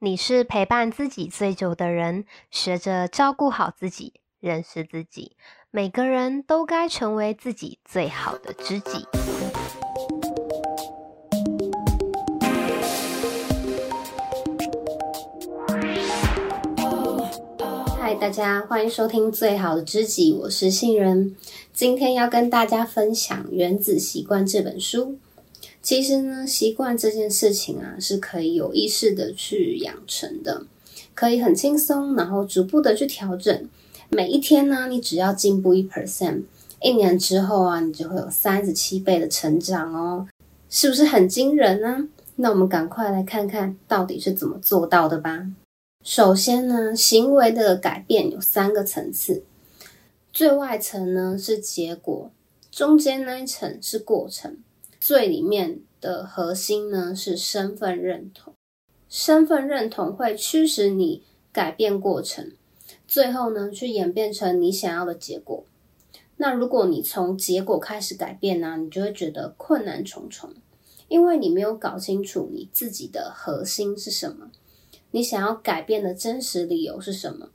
你是陪伴自己最久的人，學着照顧好自己，認識自己。每個人都該成為自己最好的知己。嗨，大家，歡迎收聽《最好的知己》，我是杏仁，今天要跟大家分享《原子習慣》這本書。其實呢，習慣這件事情啊，是可以有意識的去養成的，可以很輕鬆，然後逐步的去調整。每一天呢、啊，你只要進步一 percent，一年之後啊，你就會有三十七倍的成長哦，是不是很驚人呢？那我們趕快來看看到底是怎麼做到的吧。首先呢，行為的改變有三個層次，最外層呢是結果，中間那一層是過程。最裡面的核心呢是身份認同，身份認同會驅使你改變過程，最後呢去演變成你想要的結果。那如果你從結果開始改變呢、啊，你就會覺得困難重重，因為你沒有搞清楚你自己的核心是什麼，你想要改變的真實理由是什麼。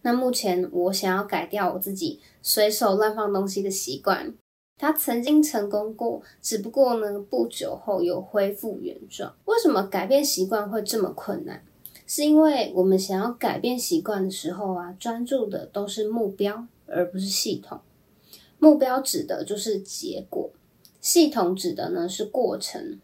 那目前我想要改掉我自己隨手亂放東西的習慣。他曾經成功過，只不過呢，不久後又恢復原狀，為什麼改變習慣會這麼困難？是因為我們想要改變習慣的時候啊，專注的都是目標，而不是系統。目標指的就是結果，系統指的呢是過程。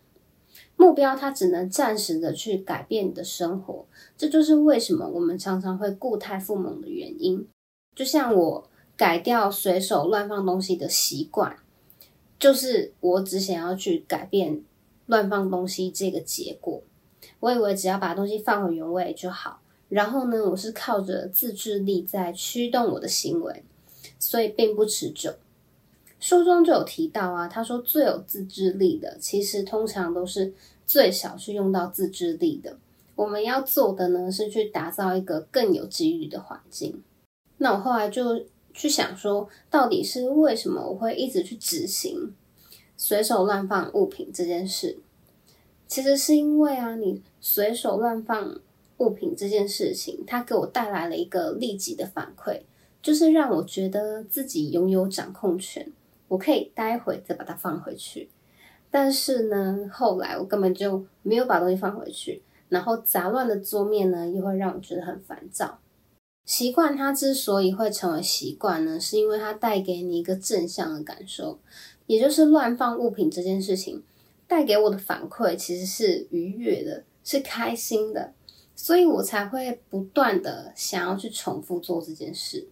目標它只能暫時的去改變你的生活，這就是為什麼我們常常會故態復萌的原因。就像我。改掉隨手亂放東西的習慣，就是我只想要去改變亂放東西這個結果。我以為只要把東西放回原位就好，然後呢，我是靠着自制力在驅動我的行為，所以並不持久。書中就有提到啊，他說最有自制力的，其實通常都是最少是用到自制力的。我們要做的呢，是去打造一個更有機遇的環境。那我後來就。去想說，到底是為什麼我會一直去執行隨手亂放物品這件事？其實是因為啊，你隨手亂放物品這件事情，它給我帶來了一個立即的反饋，就是讓我覺得自己擁有掌控權，我可以待會再把它放回去。但是呢，後來我根本就沒有把東西放回去，然後雜亂的桌面呢，又會讓我覺得很煩躁。習慣它之所以會成為習慣呢，是因為它帶給你一個正向的感受，也就是亂放物品這件事情帶給我的反饋其實是愉悅的，是開心的，所以我才會不斷的想要去重複做這件事。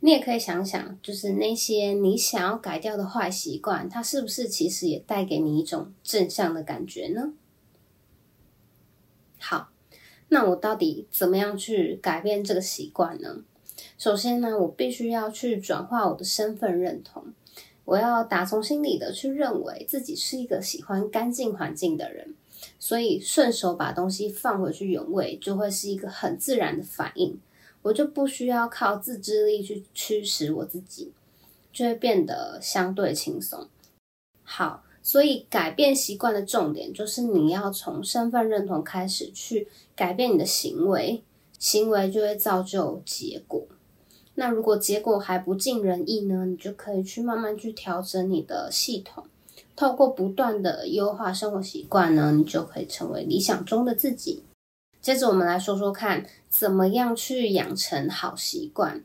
你也可以想想，就是那些你想要改掉的壞習慣，它是不是其實也帶給你一種正向的感覺呢？好。那我到底怎麼樣去改變這個習慣呢？首先呢，我必須要去轉化我的身份認同，我要打從心裡的去認為自己是一個喜歡乾淨環境的人，所以順手把東西放回去原位就會是一個很自然的反應，我就不需要靠自制力去驅使我自己，就會變得相對輕鬆。好。所以，改變習慣的重點就是你要從身份認同開始去改變你的行為，行為就會造就結果。那如果結果還不盡人意呢，你就可以去慢慢去調整你的系統，透過不斷的優化生活習慣呢，你就可以成為理想中的自己。接着我們來說說看，怎麼樣去養成好習慣。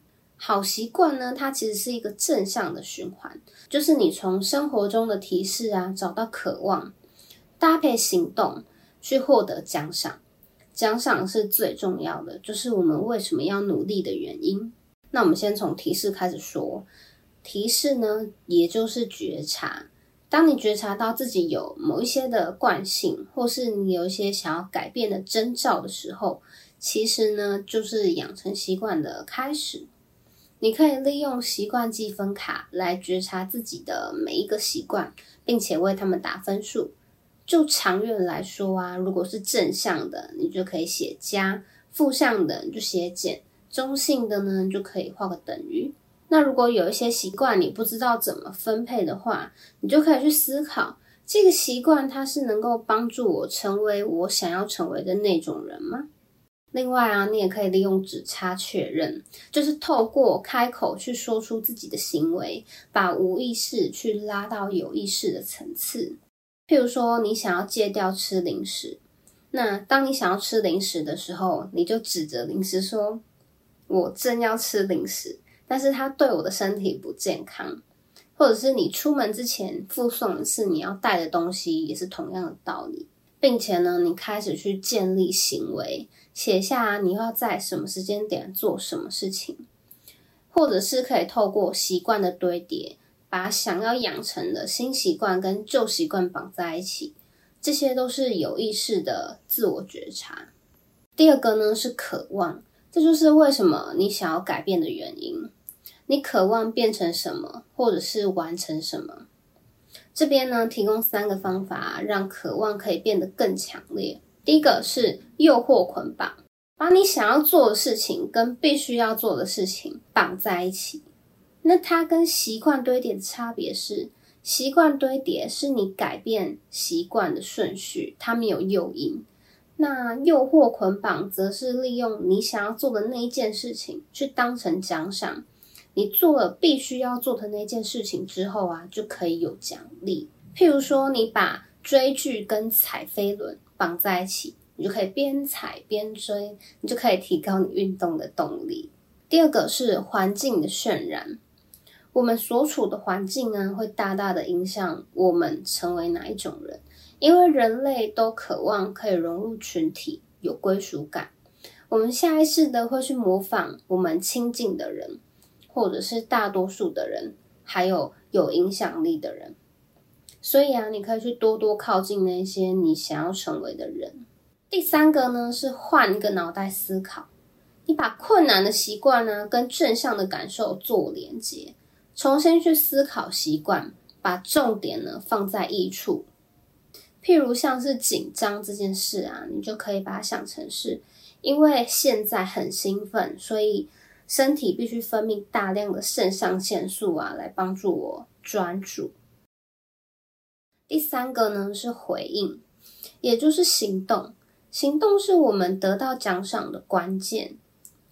好習慣呢，它其實是一個正向的循環，就是你從生活中的提示啊，找到渴望，搭配行動去獲得獎賞，獎賞是最重要的，就是我們為什麼要努力的原因。那我們先從提示開始說，提示呢，也就是覺察。當你覺察到自己有某一些的慣性，或是你有一些想要改變的徵兆的時候，其實呢，就是養成習慣的開始。你可以利用習慣記分卡來覺察自己的每一個習慣，並且為他們打分數。就長遠來說啊，如果是正向的，你就可以寫加；負向的你就寫減；中性的呢，你就可以畫個等於。那如果有一些習慣你不知道怎麼分配的話，你就可以去思考這個習慣它是能夠幫助我成為我想要成為的那種人嗎？另外啊，你也可以利用指差確認，就是透過開口去說出自己的行為，把無意識去拉到有意識的層次。譬如說，你想要戒掉吃零食，那當你想要吃零食的時候，你就指着零食說：“我正要吃零食，但是它對我的身體不健康。”或者是你出門之前複誦的是你要帶的東西，也是同樣的道理。並且呢，你開始去建立行為，寫下啊，你要在什麼時間點做什麼事情，或者是可以透過習慣的堆疊，把想要養成的新習慣跟舊習慣綁在一起，這些都是有意識的自我覺察。第二個呢，是渴望，這就是為什麼你想要改變的原因，你渴望變成什麼，或者是完成什麼。這邊呢，提供三個方法，讓渴望可以變得更強烈。第一個是誘惑捆綁，把你想要做的事情跟必須要做的事情綁在一起。那它跟習慣堆疊的差別是，習慣堆疊是你改變習慣的順序，它沒有誘因。那誘惑捆綁則是利用你想要做的那一件事情去當成獎賞。你做了必須要做的那件事情之後啊，就可以有獎勵。譬如說，你把追劇跟踩飛輪綁在一起，你就可以邊踩邊追，你就可以提高你運動的動力。第二個是環境的渲染，我們所處的環境呢，會大大的影響我們成為哪一種人，因為人類都渴望可以融入群體，有歸屬感。我們下意識的會去模仿我們親近的人。或者是大多數的人，還有有影響力的人，所以啊，你可以去多多靠近那些你想要成為的人。第三個呢，是換一個腦袋思考，你把困難的習慣呢、啊，跟正向的感受做連接，重新去思考習慣，把重點呢放在益處。譬如像是緊張這件事啊，你就可以把它想成是，因為現在很興奮，所以。身體必須分泌大量的腎上腺素啊，來幫助我專注。第三個呢，是回應，也就是行動。行動是我們得到獎賞的關鍵。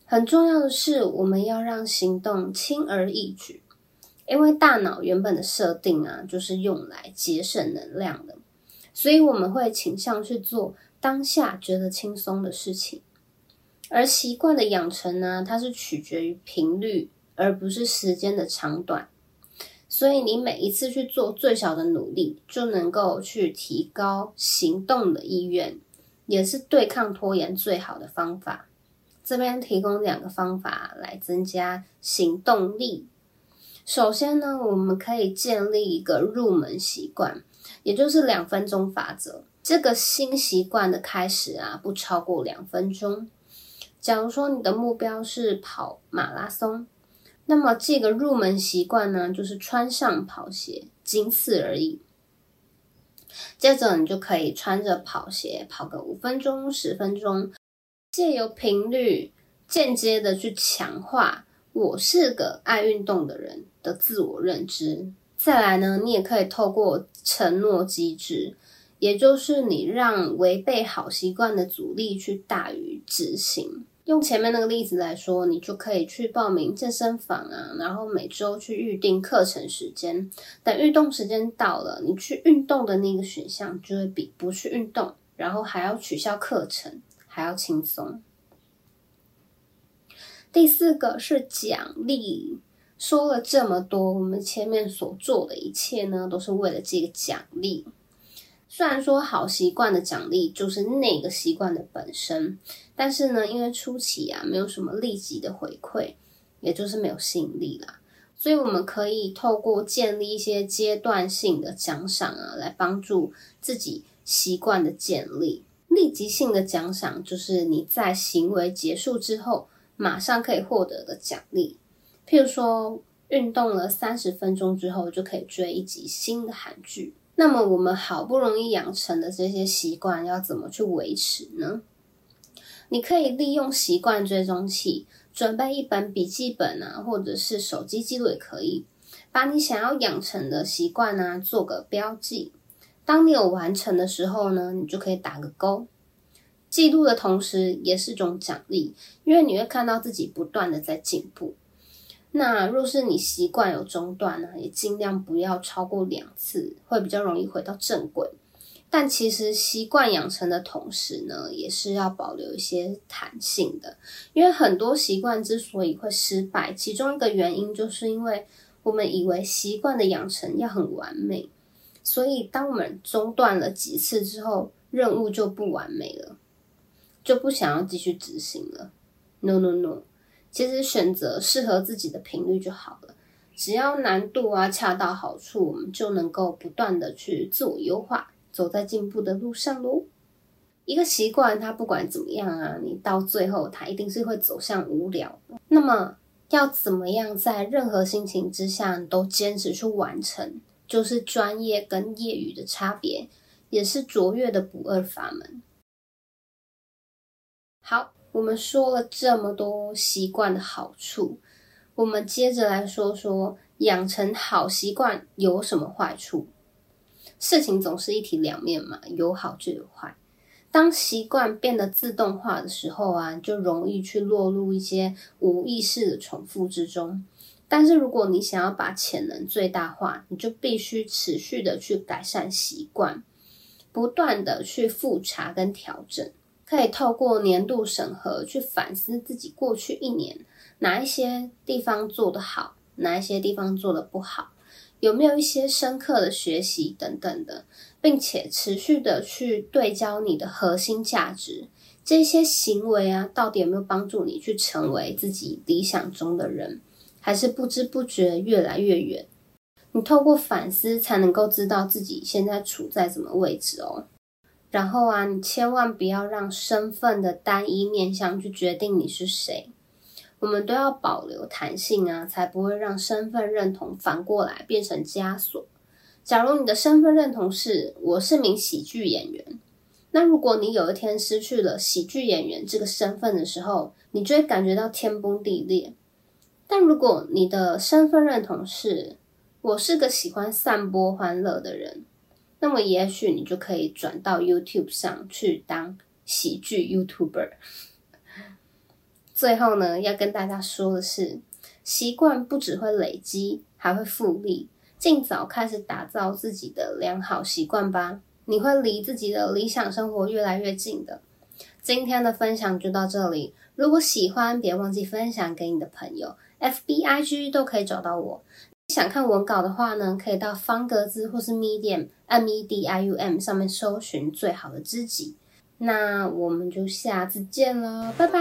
很重要的是，我們要讓行動輕而易舉，因為大腦原本的設定啊，就是用來節省能量的。所以我們會傾向去做當下覺得輕鬆的事情。而習慣的養成呢，它是取決於頻率，而不是時間的長短。所以你每一次去做最小的努力，就能夠去提高行動的意願，也是對抗拖延最好的方法。這邊提供兩個方法來增加行動力。首先呢，我們可以建立一個入門習慣，也就是兩分鐘法則。這個新習慣的開始啊，不超過兩分鐘。假如說你的目標是跑馬拉松，那麼這個入門習慣呢，就是穿上跑鞋，僅此而已。接着你就可以穿着跑鞋跑個五分鐘、十分鐘，借由頻率間接的去強化我是個愛運動的人的自我認知。再來呢，你也可以透過承諾機制，也就是你讓違背好習慣的阻力去大於執行。用前面那個例子來說，你就可以去報名健身房啊，然後每周去預定課程時間。等運動時間到了，你去運動的那個選項就會比不去運動，然後還要取消課程，還要輕鬆。第四個是獎勵。說了這麼多，我們前面所做的一切呢，都是為了這個獎勵。雖然說好習慣的獎勵就是那個習慣的本身，但是呢，因為初期啊，沒有什麼立即的回饋，也就是沒有吸引力啦，所以我們可以透過建立一些階段性的獎賞啊，來幫助自己習慣的建立。立即性的獎賞就是你在行為結束之後，馬上可以獲得的獎勵，譬如說運動了三十分鐘之後，就可以追一集新的韓劇。那麼我們好不容易養成的這些習慣要怎麼去維持呢？你可以利用習慣追蹤器，準備一本筆記本啊，或者是手機記錄也可以，把你想要養成的習慣啊，做個標記。當你有完成的時候呢，你就可以打個勾，記錄的同時也是一種獎勵，因為你會看到自己不斷的在進步。那若是你習慣有中斷呢，也盡量不要超過兩次，會比較容易回到正軌。但其實習慣養成的同時呢，也是要保留一些彈性的，因為很多習慣之所以會失敗，其中一個原因就是因為我們以為習慣的養成要很完美，所以當我們中斷了幾次之後，任務就不完美了，就不想要繼續執行了。No no no。其實選擇適合自己的頻率就好了，只要難度啊恰到好處，我們就能夠不斷的去自我優化，走在進步的路上嘍。一個習慣，它不管怎麼樣啊，你到最後它一定是會走向無聊。那麼要怎麼樣在任何心情之下都堅持去完成，就是專業跟業餘的差別，也是卓越的不二法門。好。我們說了這麼多習慣的好處，我們接着來說說養成好習慣有什麼壞處？事情總是一體兩面嘛，有好就有壞。當習慣變得自動化的時候啊，就容易去落入一些無意識的重複之中。但是如果你想要把潛能最大化，你就必須持續的去改善習慣，不斷的去複查跟調整。可以透過年度審核去反思自己過去一年哪一些地方做得好，哪一些地方做得不好，有沒有一些深刻的學習等等的，並且持續的去對焦你的核心價值，這些行為啊，到底有沒有幫助你去成為自己理想中的人，還是不知不覺越來越遠？你透過反思才能夠知道自己現在處在什麼位置哦。然後啊，你千萬不要讓身份的單一面向去決定你是誰。我們都要保留彈性啊，才不會讓身份認同反過來變成枷鎖。假如你的身份認同是我是名喜劇演員，那如果你有一天失去了喜劇演員這個身份的時候，你就會感覺到天崩地裂。但如果你的身份認同是我是個喜歡散播歡樂的人，那麼也許你就可以轉到 YouTube 上去當喜劇 YouTuber。最後呢，要跟大家說的是，習慣不只會累積，還會複利。儘早開始打造自己的良好習慣吧，你會離自己的理想生活越來越近的。今天的分享就到這裡，如果喜歡，別忘記分享給你的朋友。FBIG 都可以找到我。想看文稿的話呢，可以到方格子或是 Medium，M E D I U M 上面搜尋最好的知己。那我們就下次見囉，拜拜。